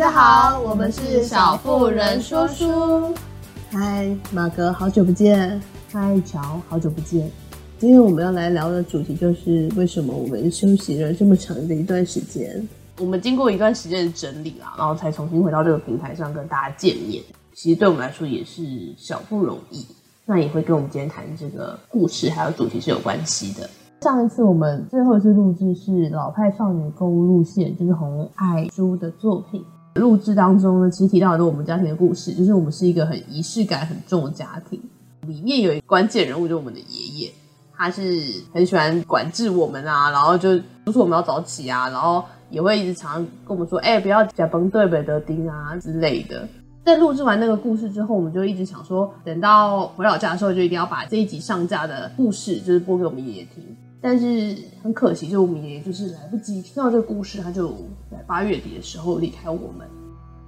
大家好，我們是小婦人說書。嗨，馬哥，好久不見！嗨，喬，好久不見！今天我們要來聊的主題就是為什麼我們休息了這麼長的一段時間。我們經過一段時間的整理啊，然後才重新回到這個平台上跟大家見面。其實對我們來說也是小不容易，那也會跟我們今天談這個故事還有主題是有關係的。上一次我們最後一次錄制是老派少女購物路線，就是洪愛珠的作品。錄製當中呢，其實提到很多我們家庭的故事，就是我們是一個很儀式感很重的家庭，裡面有一個關鍵人物就是我們的爺爺，他是很喜歡管制我們啊，然後就督促我們要早起啊，然後也會一直常跟我們說，哎、欸，不要甲崩對北得丁啊之類的。在錄製完那個故事之後，我們就一直想說，等到回老家的時候，就一定要把這一集上架的故事，就是播給我們爺爺聽。但是很可惜，就我們爺爺就是來不及聽到這個故事，他就在八月底的時候離開我們。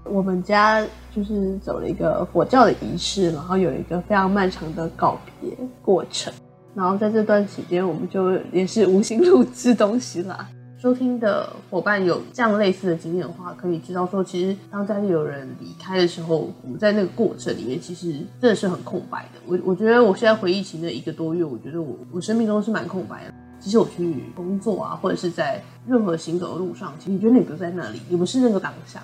我們家就是走了一個佛教的儀式，然後有一個非常漫長的告別過程。然後在這段期間，我們就也是無心錄製東西啦。收聽的夥伴有這樣類似的經驗的話，可以知道說，其實當家裡有人離開的時候，我們在那個過程裡面，其實真的是很空白的。我我覺得我現在回憶起那一個多月，我覺得我我生命中是蠻空白的。其實我去工作啊，或者是在任何行走的路上，其實你覺得你不在那裡，你不是那個當下，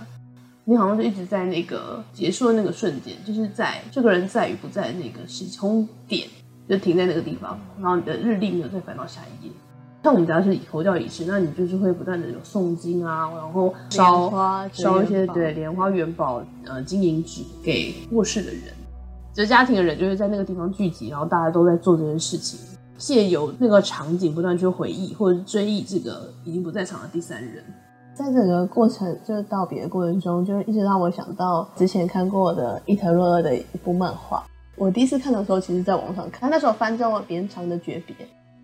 你好像就一直在那個結束的那個瞬間，就是在這個人在與不在那個始終點，就停在那個地方，然後你的日曆沒有再翻到下一頁。像我們家是佛教儀式，那你就是會不斷的有誦經啊，然後燒花、燒一些對蓮花元寶、呃金銀紙給過世的人，就家庭的人就是在那個地方聚集，然後大家都在做這件事情，借由那個場景不斷去回憶或者追憶這個已經不在場的第三人，在整個過程就是道別的過程中，就是一直讓我想到之前看過的伊藤潤二的一部漫畫，我第一次看的時候其實在網上看，他那時候翻到了《綿長的訣別》。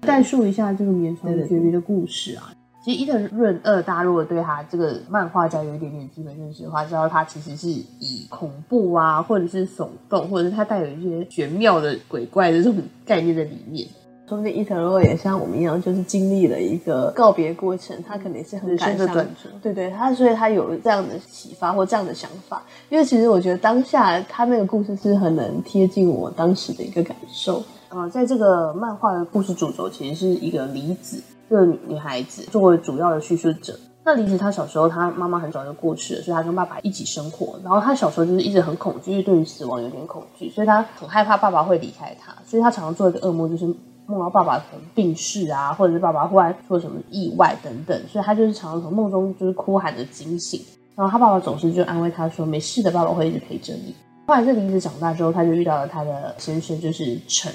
代述一下這個綿長訣別的故事啊？對對對，其實伊藤潤二，大家如果對他這個漫畫家有一點點基本認識的話，知道他其實是以恐怖啊，或者是聳動，或者是他帶有一些玄妙的鬼怪的這種概念的理念。說不定伊藤潤二，也像我們一樣，就是經歷了一個告別過程，他可能也是很感傷、嗯、對，對對，他所以他有了這樣的啟發或這樣的想法，因為其實我覺得當下他那個故事是很能貼近我當時的一個感受。呃，在這個漫畫的故事主軸，其實是一個梨子，這個女孩子作為主要的敘述者。那梨子她小時候，她媽媽很早就過世了，所以她跟爸爸一起生活。然後她小時候就是一直很恐懼，因為對於死亡有點恐懼，所以她很害怕爸爸會離開她。所以她常常做一個噩夢，就是夢到爸爸可能病逝啊，或者是爸爸忽然出了什麼意外等等。所以她就是常常從夢中就是哭喊着驚醒。然後他爸爸總是就安慰她說：“沒事的，爸爸會一直陪着你。”後來這女子長大之後，她就遇到了她的先生，就是陳。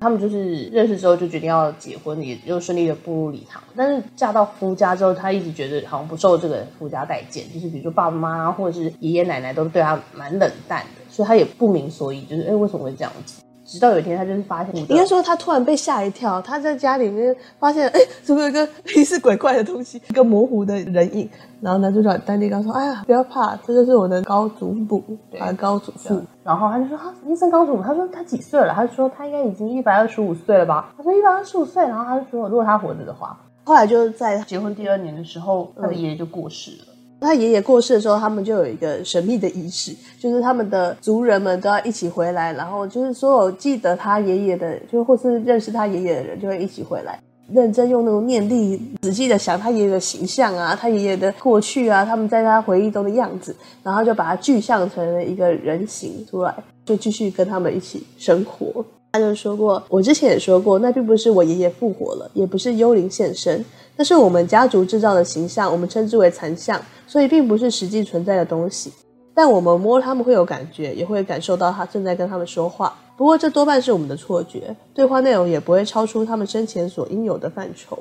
他們就是認識之後就決定要結婚，也就順利的步入禮堂。但是嫁到夫家之後，她一直覺得好像不受這個夫家待見，就是比如說爸爸媽媽或者是爺爺奶奶都對她蠻冷淡的，所以她也不明所以，就是哎為什麼會這樣子？直到有一天，他就是發現，應該說他突然被嚇一跳，他在家裡面發現，哎，怎麼有一個疑似鬼怪的東西，一個模糊的人影。然後男主角丹尼剛說，哎呀，不要怕，這就是我的高祖母，對、啊、高祖父。然後他就說，醫生高祖母，他說他幾歲了？他說他應該已經一百二十五歲了吧？他說一百二十五歲。然後他就說，如果他活着的話，後來就是在他結婚第二年的時候，嗯、他的爺爺就過世了。他爺爺過世的時候，他們就有一個神秘的儀式，就是他們的族人們都要一起回來，然後就是所有記得他爺爺的，就或是認識他爺爺的人，就會一起回來，認真用那種念力仔細的想他爺爺的形象啊，他爺爺的過去啊，他們在他回憶中的樣子，然後就把他具象成了一個人形出來，就繼續跟他們一起生活。他就說過，我之前也說過，那並不是我爺爺復活了，也不是幽靈現身，那是我們家族製造的形象，我們稱之為殘像，所以並不是實際存在的東西。但我們摸他們會有感覺，也會感受到他正在跟他們說話。不過這多半是我們的錯覺，對話內容也不會超出他們生前所應有的範疇。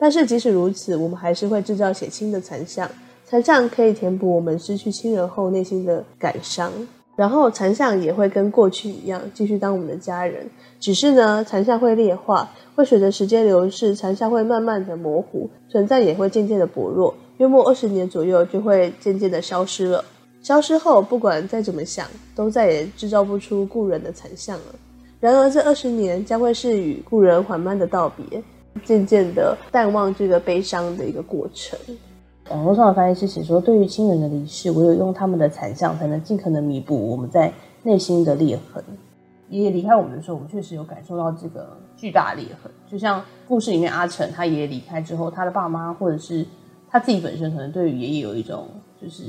但是即使如此，我們還是會製造血親的殘像，殘像可以填補我們失去親人後內心的感傷。然後殘像也會跟過去一樣繼續當我們的家人，只是呢，殘像會劣化，會隨着時間流逝，殘像會慢慢的模糊，存在也會漸漸的薄弱，約莫二十年左右就會漸漸的消失了。消失後，不管再怎麼想，都再也製造不出故人的殘像了。然而這二十年將會是與故人緩慢的道別，漸漸的淡忘這個悲傷的一個過程。網絡上的翻譯是寫說：“對於親人的離世，唯有用他們的殘像，才能盡可能彌補我們在內心的裂痕。爺爺離開我們的時候，我們確實有感受到這個巨大裂痕。就像故事裡面阿成，他爺爺離開之後，他的爸媽或者是他自己本身，可能對於爺爺有一種就是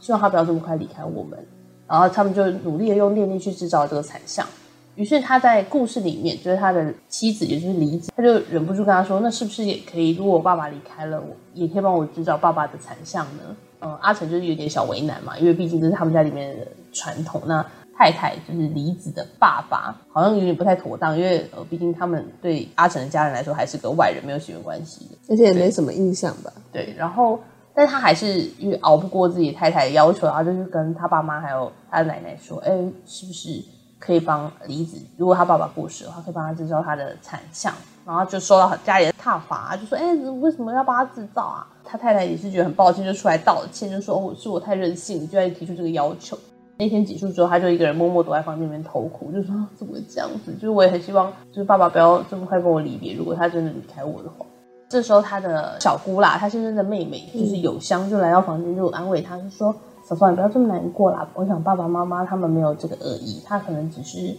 希望他不要這麼快離開我們，然後他們就努力的用念力去制造這個殘像。”於是他在故事裡面，就是他的妻子，也就是李子，他就忍不住跟他說：“那是不是也可以？如果我爸爸離開了我，也我也可以幫我製造爸爸的殘像呢？”嗯，阿成就是有點小為難嘛，因為畢竟這是他們家裡面的傳統。那太太就是李子的爸爸，好像有點不太妥當，因為呃，畢竟他們對阿成的家人來說還是個外人，沒有血緣關係的，而且也沒什麼印象吧對？對。然後，但他還是因為熬不過自己太太的要求，啊，然後就是跟他爸媽還有他的奶奶說：“哎、欸，是不是？”可以幫李子，如果他爸爸過世的話，可以幫他製造他的殘象。然後就受到家裡的撻伐，就說：“哎，為什麼要幫他製造啊？”他太太也是覺得很抱歉，就出來道歉，就說：“哦，是我太任性，就願意提出這個要求。”那天結束之後，他就一個人默默躲在房間裡面偷哭，就說：“怎麼會這樣子？就是我也很希望，就是爸爸不要這麼快跟我離別。如果他真的離開我的話，這時候他的小姑啦，他先生的妹妹，就是友香，就來到房間就安慰他，就說。”小嫂，你不要這麼難過了。我想爸爸媽媽他們沒有這個惡意，他可能只是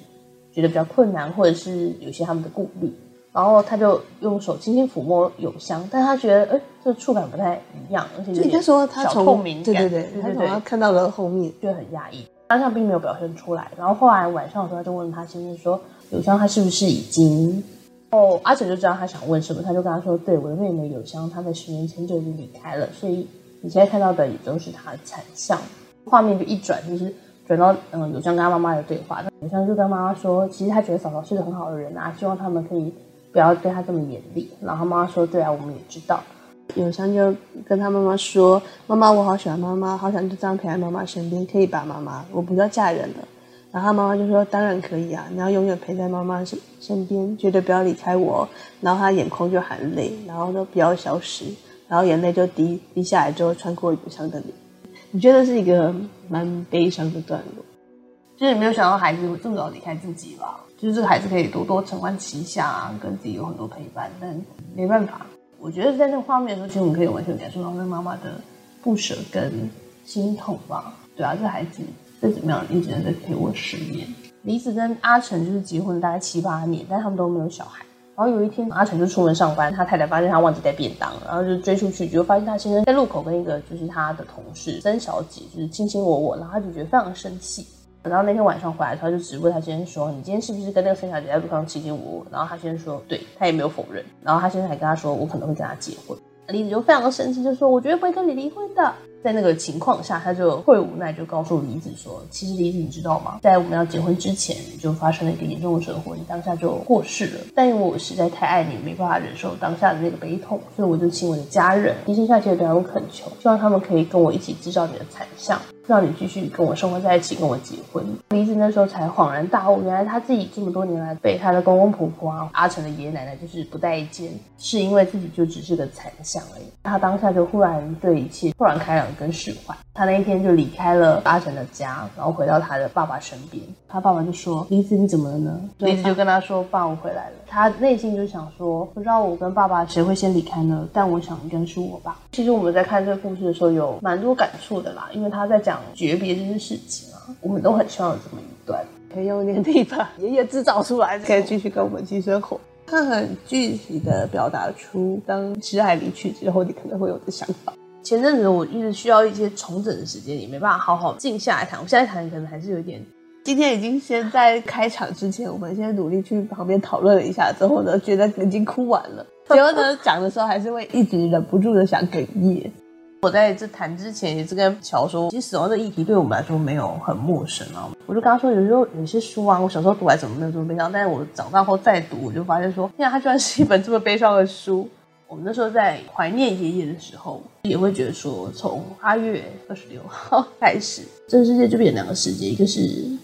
覺得比較困難，或者是有些他們的顧慮。然後他就用手輕輕撫摸有香，但他覺得，哎，這觸感不太一樣，而且你說他小透明從。對對對，他從他看到了後面就，就，就很壓抑，當下並沒有表現出來。然後後來晚上的時候，他就問他先生說：“有香，他是不是已經……”哦，阿嬸就知道他想問什麼，他就跟他說：“對，我的妹妹有香，她在十年前就已經離開了，所以。”你現在看到的也都是他的殘象，畫面就一轉，就是轉到嗯友香跟他媽媽的對話。友香就跟媽媽說：“其實他覺得嫂嫂是個很好的人啊，希望他們可以不要對他這麼嚴厲。”然後他媽媽說：“對啊，我們也知道。”友香就跟他媽媽說：“媽媽，我好喜歡媽媽，好想就這樣陪在媽媽身邊，可以吧，媽媽？我不要嫁人了。”然後他媽媽就說：“當然可以啊，你要永遠陪在媽媽身身邊，絕對不要離開我。”然後他眼眶就含淚，然後就不要消失。”然後眼淚就滴滴下來，就穿過雨上的臉，你覺得是一個蠻悲傷的段落，就是沒有想到孩子這麼早離開自己吧？就是這個孩子可以多多承歡膝下啊，跟自己有很多陪伴，但沒辦法。我覺得在那個畫面中，其實我們可以完全感受到跟媽媽的不捨跟心痛吧。主要是孩子再怎麼樣，你只能再陪我十年。李子跟阿成就是結婚了大概七八年，但他們都沒有小孩。然後有一天，阿晨就出門上班，他太太發現他忘記帶便當，然後就追出去，就發現他先生在路口跟一個就是他的同事曾小姐就是卿卿我我，然後他就覺得非常的生氣。然後那天晚上回來，他就質問他先生說：“你今天是不是跟那個曾小姐在路上卿卿我我？”然後他先生說：“對。”他也沒有否認。然後他先生還跟他說：“我可能會跟他結婚。”那李子就非常的生氣，就說：“我絕對不會跟你離婚的。”在那個情況下，他就會無奈就告訴梨子說：“其實梨子，你知道嗎？在我們要結婚之前，就發生了一個嚴重的車禍，你當下就過世了。但因為我實在太愛你，沒辦法忍受當下的那個悲痛，所以我就請我的家人低聲下氣的向他們懇求，希望他們可以跟我一起制造你的殘像，讓你繼續跟我生活在一起，跟我結婚。”梨子那時候才恍然大悟，原來他自己這麼多年來被他的公公婆婆、啊，阿成的爺爺奶奶就是不待見，是因為自己就只是個殘像而已。他當下就忽然對一切豁然開朗。跟釋懷，他那一天就離開了阿成的家，然後回到他的爸爸身邊。他爸爸就說：“李子，你怎麼了呢？”李子就跟他說：“爸，我回來了。”他內心就想說：“不知道我跟爸爸誰會先離開呢？”但我想應該是我爸。其實我們在看這個故事的時候，有蠻多感觸的啦，因為他在講訣別這件事情啊，我們都很希望有這麼一段，嗯、可以用一點地方爺爺製造出來，可以繼續跟我們繼續生活。他很具體的表達出，當摯愛離去之後，你可能會有的想法。前陣子我一直需要一些重整的時間，也沒辦法好好靜下來談。我現在談可能還是有一點。今天已經先在開場之前，我們現在努力去旁邊討論了一下之後呢，覺得已經哭完了。結果呢，講的時候還是會一直忍不住的想哽咽。我在這談之前也是跟喬說，其實死亡這議題對我們來說沒有很陌生啊。我就跟他說，有時候有些書啊，我小時候讀來怎麼沒有這麼悲傷，但是我長大後再讀，我就發現說，天啊，它居然是一本這麼悲傷的書。我們那時候在懷念爺爺的時候，也會覺得說，從八月二十六號開始，這個世界就變兩個世界，一個是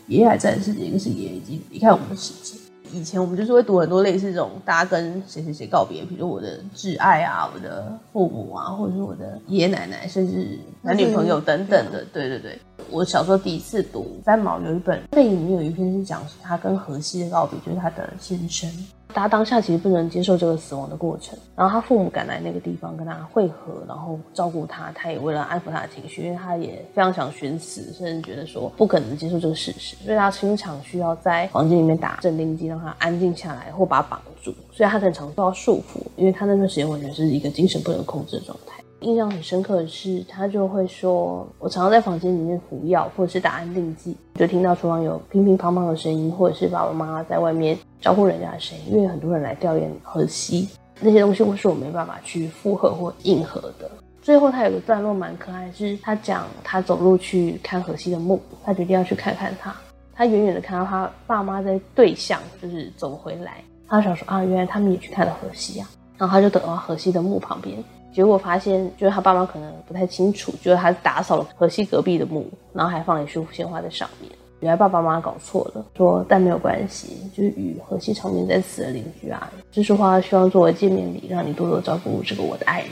爺爺還在的世界，一個是爺爺已經離開我們的世界。以前我們就是會讀很多類似這種，大家跟誰誰誰告別，比如我的摯愛啊，我的父母啊，或者是我的爺爺奶奶，甚至是男女朋友等等的。對嗎？對對對，我小時候第一次讀三毛有一本背影，裡面有一篇是講他跟荷西的告別，就是他的先生。他當下其實不能接受這個死亡的過程，然後他父母趕來那個地方跟他會合，然後照顧他。他也為了安撫他的情緒，因為他也非常想尋死，甚至覺得說不可能接受這個事實，所以他經常需要在房間裡面打鎮定劑，讓他安靜下來，或把他綁住。所以他很常受到束縛，因為他那段時間完全是一個精神不能控制的狀態。印象很深刻的是，他就會說，我常常在房間裡面服藥或者是打安定劑，就聽到廚房有乒乒乓乓的聲音，或者是爸爸媽媽在外面招呼人家的聲音，因為很多人來吊唁荷西，那些東西都是我沒辦法去附和或應和的。最後他有個段落蠻可愛，是他講他走路去看荷西的墓，他決定要去看看他，他遠遠的看到他爸媽在對向，就是走回來，他想說啊，原來他們也去看了荷西呀。然後他就等到荷西的墓旁邊，結果發現就是他爸媽可能不太清楚，覺得他打掃了荷西隔壁的墓，然後還放了一束鮮花在上面。原來爸爸媽媽搞錯了，說但沒有關係，就是與荷西長眠在此的鄰居啊，這束花希望作為見面禮，讓你多多照顧這個我的愛人。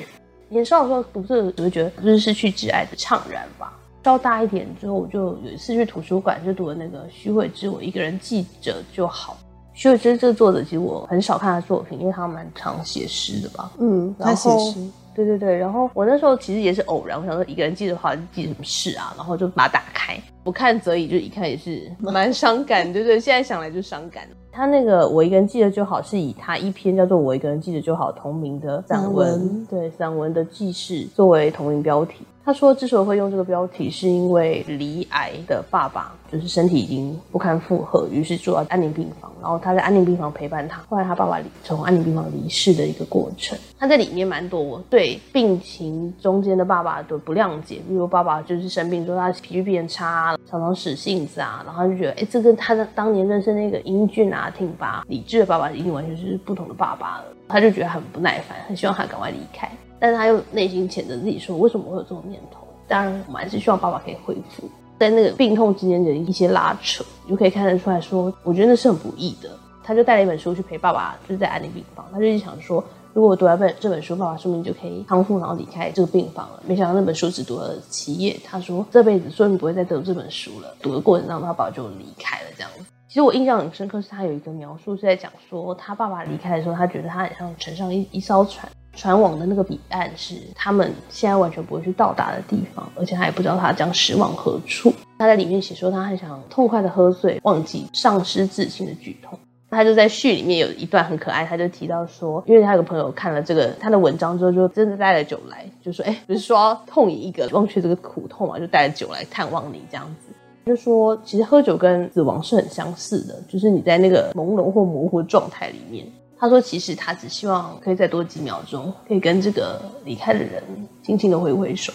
年少的時候讀這個，我就覺得就是失去摯愛的悵然吧。稍大一點之後，我就有一次去圖書館就讀了那個許悔之，我一個人記住就好。所以其實這個作者其實我很少看他的作品，因為他蠻常寫詩的吧？嗯，然後他寫詩，對對對。然後我那時候其實也是偶然，我想說一個人記得的話記什麼事啊？然後就把它打開，不看則已，就一看也是蠻傷感， 對，對對，現在想來就傷感。他那個我一個人記得就好是以他一篇叫做《我一個人記得就好》同名的散文，散文對散文的記事作為同名標題。他說：“之所以會用這個標題，是因為李矮的爸爸就是身體已經不堪負荷，於是住到安寧病房。然後他在安寧病房陪伴他。後來他爸爸從安寧病房離世的一個過程。他在裡面蠻多對病情中間的爸爸的不諒解，比如爸爸就是生病之後他脾氣變差，常常使性子啊。然後他就覺得，哎、欸，這跟他的當年認識那個英俊啊、挺拔、理智的爸爸，已經完全是不同的爸爸了。他就覺得很不耐煩，很希望他趕快離開。”但是他又內心譴責自己說：“為什麼會有這種念頭？”當然，我們還是希望爸爸可以恢復。在那個病痛之間的一些拉扯，你就可以看得出來說，說我覺得那是很不易的。他就帶了一本書去陪爸爸，就是、在安寧病房。他就一直想說：“如果我讀完本這本書，爸爸說不定就可以康復，然後離開這個病房了。”沒想到那本書只讀了七頁。他說：“這輩子說不定不會再讀這本書了。”讀的過程中，中他爸爸就離開了。這樣子，其實我印象很深刻，是他有一個描述是在講說，他爸爸離開的時候，他覺得他很像乘上一一艘船。船往的那個彼岸是他們現在完全不會去到達的地方，而且他也不知道他將駛往何處。他在裡面寫說，他很想痛快的喝醉，忘記喪失自信的劇痛。他就在序裡面有一段很可愛，他就提到說，因為他有個朋友看了這個他的文章之後，就真的帶了酒來，就說：“哎、欸，不是說痛飲一個，忘卻這個苦痛嘛，就帶了酒來探望你這樣子。”就說其實喝酒跟死亡是很相似的，就是你在那個朦朧或模糊的狀態裡面。他說：“其實他只希望可以再多幾秒鐘，可以跟這個離開的人輕輕的揮揮手。”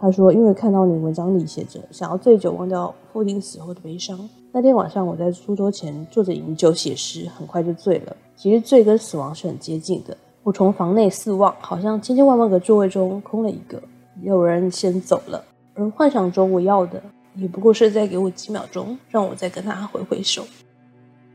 他說：“因為看到你文章裡寫着想要醉酒忘掉父親死後的悲傷，那天晚上我在書桌前坐着飲酒寫詩，很快就醉了。其實醉跟死亡是很接近的。我從房內四望，好像千千萬萬個座位中空了一個，也有人先走了。而幻想中我要的，也不過是再給我幾秒鐘，讓我再跟他揮揮手。”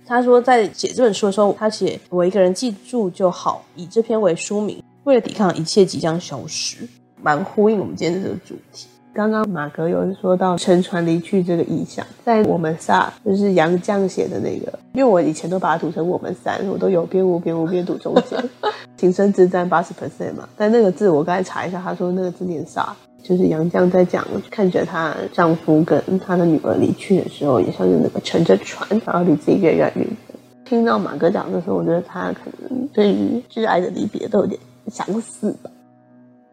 他說，在寫這本書的時候，他寫我一個人記住就好，以這篇為書名，為了抵抗一切即將消失，蠻呼應我們今天的這個主題。剛剛馬格有說到乘船離去這個意象，在我們仨就是楊絳寫的那個，因為我以前都把它讀成我們仨，我都有邊無邊無邊讀中間， 形聲字占八十 percent 嘛，但那個字我剛才查一下，他說那個字念啥？就是楊絳在講，看着她丈夫跟她的女兒離去的時候，也像是那個乘着船，然後離自己越來越遠。聽到馬哥講的時候，我覺得他可能對於摯愛的離別都有點想死吧。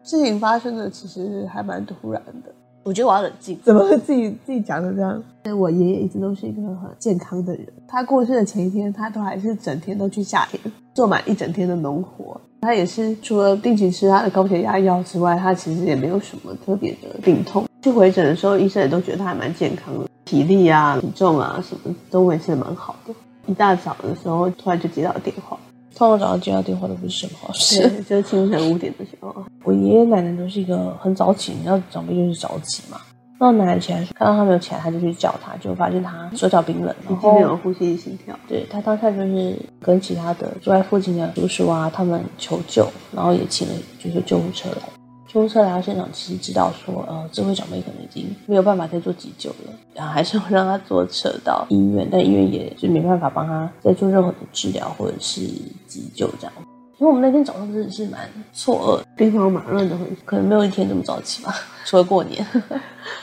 事情發生的其實還蠻突然的。我覺得我要冷靜，怎麼會自己自己講成這樣？因為我爺爺一直都是一個很健康的人，他過世的前一天，他都還是整天都去下田，做滿一整天的農活。他也是除了定期吃他的高血壓藥之外，他其實也沒有什麼特別的病痛。去回診的時候，醫生也都覺得他還蠻健康的，體力啊、體重啊什麼都維持的蠻好的。一大早的時候，突然就接到電話。通常早上接到電話都不是什麼好事，對，就是清晨五點的時候。 我爺爺奶奶都是一個很早起，你知道長輩就是早起嘛。到奶奶起來，看到他沒有起來，他就去叫他，就發現他手腳冰冷，然後已經沒有呼吸心跳。對，他當下就是跟其他的住在附近的叔叔啊他們求救，然後也請了就是救護車來。出車來到現場，其實知道說，呃，這位小妹可能已經沒有辦法再做急救了，然後還是要讓他坐車到醫院，但醫院也就沒辦法幫他再做任何的治療或者是急救這樣。其實我們那天早上真的是蠻錯愕、兵荒馬亂的，可能沒有一天這麼早起吧，除了過年。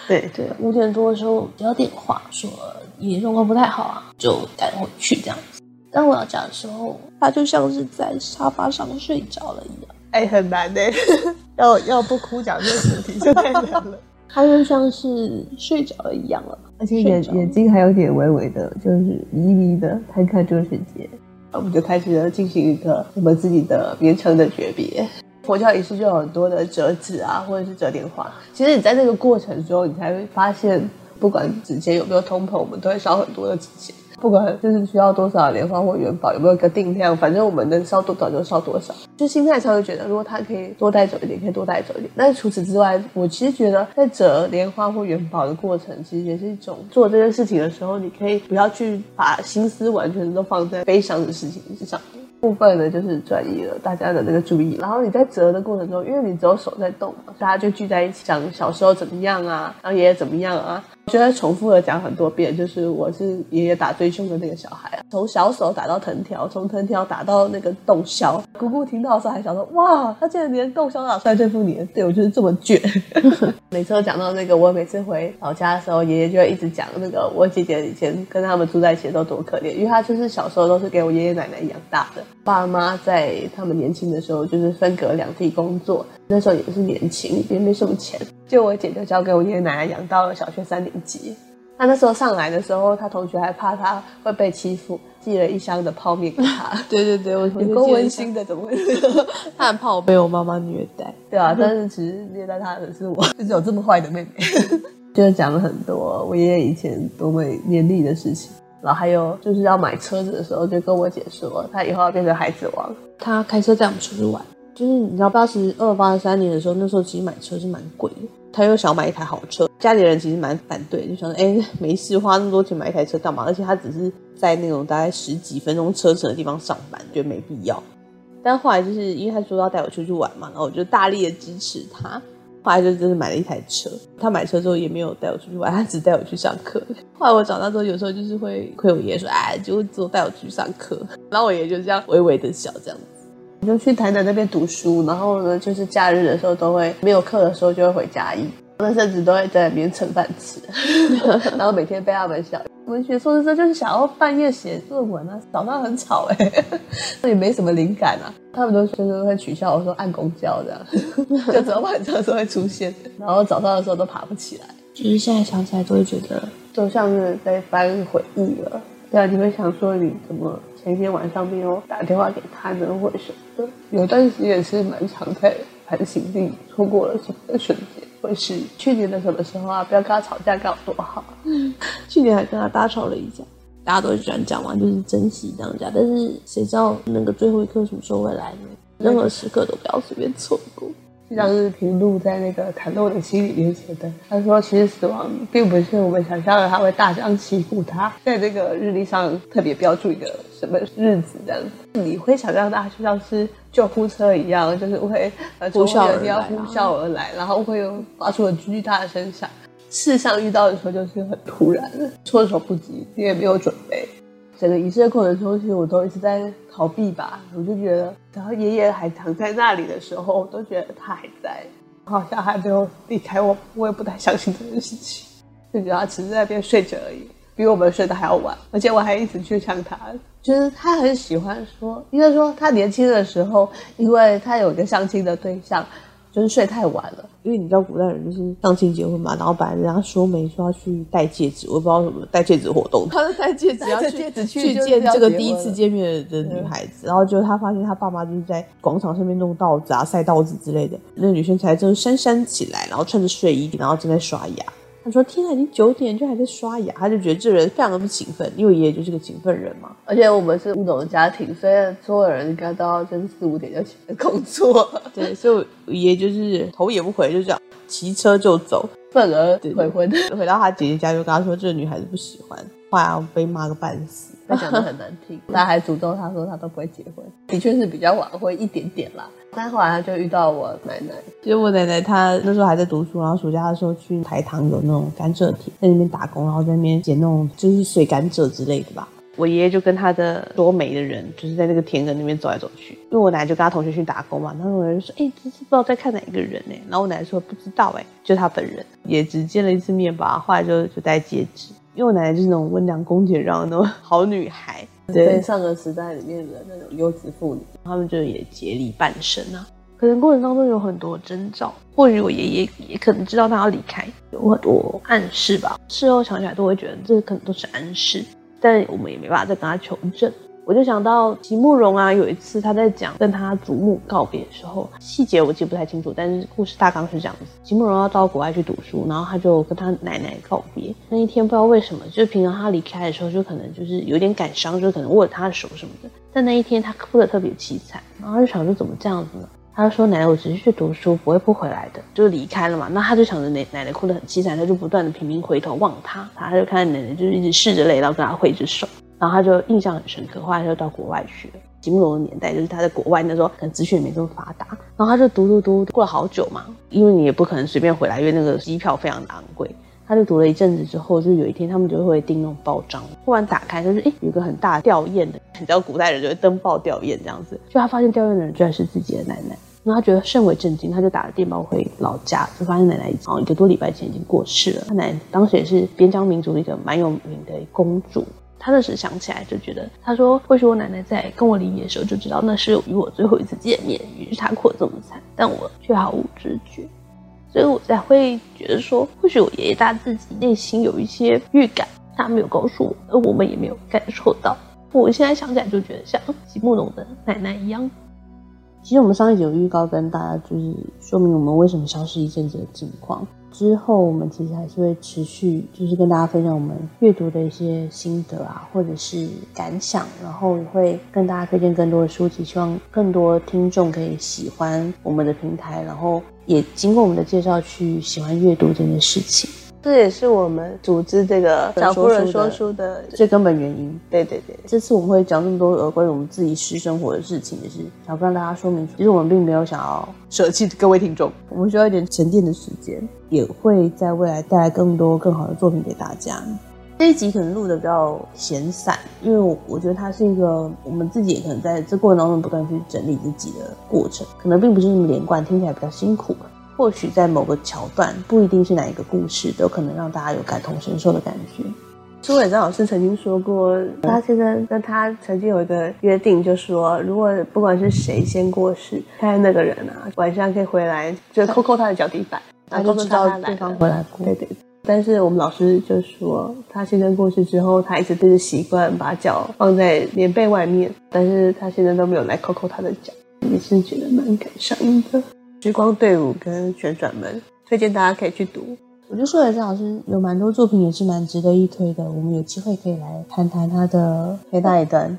對對，五點 多的時候接到電話說，說你狀況不太好啊，就趕回去這樣子。但我要講的時候，他就像是在沙發上睡着了一樣。哎，很難耶，要要不哭講這個問題就太難了。他就 像是睡着了一樣了，而且眼着眼睛還有點微微的，就是迷迷的，看看這個世界。我們就開始了進行一個我們自己的綿長的訣別。佛教儀式就有很多的折紙啊，或者是折蓮花。其實你在那個過程中，你才會發現，不管紙錢有沒有通膨，我們都會燒很多的紙錢。不管，就是需要多少蓮花或元寶，有沒有一個定量，反正我們能燒多少就燒多少。就心態上就覺得，如果他可以多帶走一點，可以多帶走一點。那除此之外，我其實覺得在折蓮花或元寶的過程，其實也是一種做這件事情的時候，你可以不要去把心思完全都放在悲傷的事情之上。部分呢，就是轉移了大家的那個注意，然後你在折的過程中，因為你只有手在動嘛，所以他就聚在一起講小時候怎麼樣啊，然後爺爺怎麼樣啊，我覺得重複的講很多遍，就是我是爺爺打最兇的那個小孩。從小手打到藤條，從藤條打到那個洞簫，姑姑聽到的時候還想說：哇，他竟然連洞簫都敢對付你的，對，我就是這麼倔。 每次都講到那個，我每次回老家的時候，爺爺就會一直講那個我姐姐以前跟他們住在一起的時候多可憐，因為她就是小時候都是給我爺爺奶奶養大的，爸媽在他們年輕的時候就是分隔兩地工作，那時候也是年輕，也沒什麼錢，就我姐就交給我爺爺奶奶養到了小學三年級。他、啊、那時候上來的時候，他同學還怕他會被欺負，寄了一箱的泡麵給他。嗯、對對對，我夠溫馨的，怎麼會？他很怕我被我媽媽虐待， 對啊。但是其實虐待他的是我，就是有這麼壞的妹妹。 就是講了很多我爺爺以前多麼嚴厲的事情，然後還有就是要買車子的時候，就跟我姐說他以後要變成孩子王，他開車帶我們出去玩。就是你知道不知道？其實二八三年的時候，那時候其實買車是蠻貴的。他又想買一台好車，家裡人其實蠻反對，就想說，哎、欸，沒事，花那麼多錢買一台車幹嘛？而且他只是在那種大概十幾分鐘車程的地方上班，覺得沒必要。但後來就是因為他說要帶我出去玩嘛，然後我就大力的支持他。後來就真的買了一台車。他買車之後也沒有帶我出去玩，他只帶我去上課。後來我長大之後，有時候就是會虧我爺爺說，哎，就會說帶我去上課。然後我爺爺就這樣微微的笑，這樣子。我就去台南那邊讀書，然後呢，就是假日的時候都會沒有課的時候就會回嘉義，那甚至都會在裡面蹭飯吃， 然後每天被他們笑文學碩士生就是想要半夜寫作文啊，早上很吵哎，、欸，那也沒什麼靈感啊，他們都就是會取笑我說按公交這樣， 就只有晚上時候會出現，然後早上的時候都爬不起來，其實現在想起來都會覺得就像是被翻回憶了，對啊，你會想說你怎麼前一天晚上沒有打電話給他們或者什麼的，有段時間也是蠻常在反省自己錯過了什麼的瞬間，或是去年的什麼時候啊？不要跟他吵架，該有多好。去年還跟他大吵了一架，大家都喜歡講，就是珍惜當下。但是誰知道那個最後一刻什麼時候來呢？任何是時刻都不要隨便錯過。這張是平路在那個袒露的心裡面寫的，他說：“其實死亡並不是我們想象的，他會大張旗鼓。他在這個日曆上特別標注一個。”什麼日子這樣子？你會想象他就像是救護車一樣，就是會呼嘯而來、啊，地呼嘯而來，然後會發出很巨大的聲響。事實上遇到的時候就是很突然的，措手不及，你也沒有準備。整個儀式的過程中，其實我都一直在逃避吧。我就覺得，然後爺爺還躺在那裡的時候，我都覺得他還在，好像還沒有離開我。我也不太相信這件事情，就覺得他只是在那邊睡着而已，比我們睡得還要晚，而且我還一直去想他。就是他很喜歡說，應該說他年輕的時候，因為他有一個相親的對象，就是睡太晚了。因為你知道古代人就是相親結婚嘛，然後本來人家說媒說要去戴戒指，我不知道什麼戴戒指活動，他是戴戒指要去去見這個第一次見面的女孩子，就然後結果他發現他爸媽就是在廣場上面弄稻子啊、曬稻子之類的，那女生才正姍姍起來，然後穿着睡衣，然後正在刷牙。他說：“天啊，你九點就還在刷牙。他就覺得這人非常的不勤奮。因為爺爺就是個勤奮人嘛，而且我們是務農的家庭，所以所有人應該都要就是四五點就起來工作。對，所以我爺爺就是頭也不回，就這樣騎車就走，憤而悔婚，對回到他姐姐家就跟他說 這個女孩子不喜歡，後來、啊、我被罵個半死。”他講的 很難聽，他還詛咒他說他都不會結婚，的確是比較晚婚一點點啦。但後來他就遇到我奶奶，其實我奶奶她那時候還在讀書，然後暑假的時候去台糖有那種甘蔗田，在那邊打工，然後在那邊撿那種就是水甘蔗之類的吧。我爺爺就跟他的做媒的人，就是在那個田埂那邊走來走去。因為我奶奶就跟他同學去打工嘛，然後有人就說：“哎、欸，這是不知道在看哪一個人呢、欸？”然後我奶奶說：“不知道哎、欸，就是他本人，也只見了一次面吧。”後來就就戴戒指。因為我奶奶就是那種溫良恭儉讓的那種好女孩，對在上個時代裡面的那種優質婦女，她們就也竭力半生啊。可能過程當中有很多徵兆，或許我爺爺也可能知道他要離開，有很多暗示吧。事後想起來都會覺得這可能都是暗示，但我們也沒辦法再跟他求證。我就想到席慕蓉啊，有一次他在講跟他祖母告別的時候，細節我記不太清楚，但是故事大綱是這樣子：席慕蓉要到國外去讀書，然後他就跟他奶奶告別。那一天不知道為什麼，就平常他離開的時候就可能就是有點感傷，就可能握着他的手什麼的。但那一天他哭得特別凄慘，然後他就想着怎麼這樣子呢？他就說奶奶，我只是去讀書，不會不回來的，就離開了嘛。那他就想着奶奶奶哭得很凄慘，他就不斷的頻頻回頭望他，他就看到奶奶就是一直拭着淚，到跟他揮着手。然後他就印象很深刻，後來他就到國外去了。席慕蓉的年代就是他在國外那時候，可能資訊也沒這麼發達。然後他就讀讀讀，過了好久嘛，因為你也不可能隨便回來，因為那個機票非常的昂貴。他就讀了一陣子之後，就有一天他們就會訂那種報章，忽然打開就是哎，有一個很大的吊唁的，你知道古代人就會登報吊唁這樣子。就他發現吊唁的人居然是自己的奶奶，然後他覺得甚為震驚，他就打了電報回老家，就發現奶奶哦一個多禮拜前已經過世了。他奶奶當時也是邊疆民族的一個蠻有名的公主。他那時想起來就覺得，他說或許我奶奶在跟我離別的時候就知道那是與我最後一次見面，於是他哭得這麼慘，但我卻毫無知覺，所以我才會覺得說，或許我爺爺他自己內心有一些預感，他沒有告訴我，而我們也沒有感受到。我現在想起來就覺得像席慕蓉的奶奶一樣。其實我們上一集有預告跟大家，就是說明我們為什麼消失一陣子的情況。之後，我們其實還是會持續，就是跟大家分享我們閱讀的一些心得啊，或者是感想，然後也會跟大家推薦更多的書籍，希望更多聽眾可以喜歡我們的平台，然後也經過我們的介紹去喜歡閱讀這件事情。這也是我們組織這個小婦人說書的最對根本原因。對對對，對這次我們會講那麼多呃關於我們自己私生活的事情，也是想跟大家說明，其實我們並沒有想要舍棄各位聽眾，我們需要一點沉澱的時間，也會在未來帶來更多更好的作品給大家。這一集可能錄得比較閒散，因為我我覺得它是一個我們自己也可能在這過程當中不斷去整理自己的過程，可能並不是那麼連貫，聽起來比較辛苦。或許在某個橋段，不一定是哪一個故事，都有可能讓大家有感同身受的感覺。蘇偉貞老師曾經說過，他先生跟他曾經有一個約定，就說如果不管是誰先過世，他那個人啊，晚上可以回來就摳摳他的腳底板他，他就知道對方回來過。對對。但是我們老師就說，他先生過世之後，他一直都是習慣把腳放在棉被外面，但是他現在都沒有來摳摳他的腳，也是覺得蠻感傷的。《時光隊伍》跟《旋轉門》，推薦大家可以去讀。我覺得蘇偉貞老師有蠻多作品也是蠻值得一推的，我們有機會可以來談談他的黑帶一段。嗯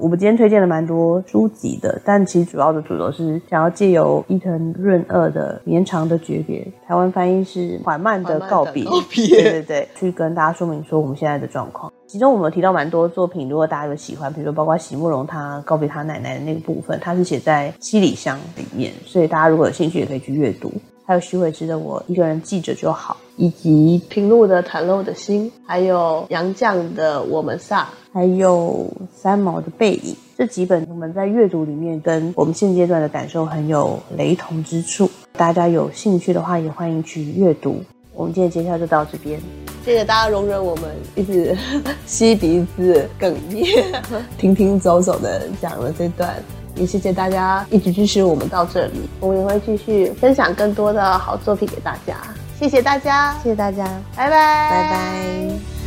我們今天推薦了蠻多書籍的，但其實主要的主軸是想要借由伊藤潤二的綿長的訣別（台灣翻譯是緩慢的告別），告別，對對對，去跟大家說明說我們現在的狀況。其中我們有提到蠻多作品，如果大家有喜歡，比如說包括席慕蓉她告別她奶奶的那個部分，她是寫在《七里香》裡面，所以大家如果有興趣也可以去閱讀。還有許悔之的《我一個人記着就好》，以及平路的《袒露的心》，還有楊絳的《我們仨》，還有三毛的《背影》這幾本，我們在閱讀裡面跟我們現階段的感受很有雷同之處。大家有興趣的話，也歡迎去閱讀。我們今天介紹就到這邊，謝謝大家容忍我們一直 吸鼻子、哽咽、 停停走走的講了這段。也謝謝大家一直支持我們到這裡，我們也會繼續分享更多的好作品給大家。謝謝大家，謝謝大家，拜拜，拜拜。拜拜。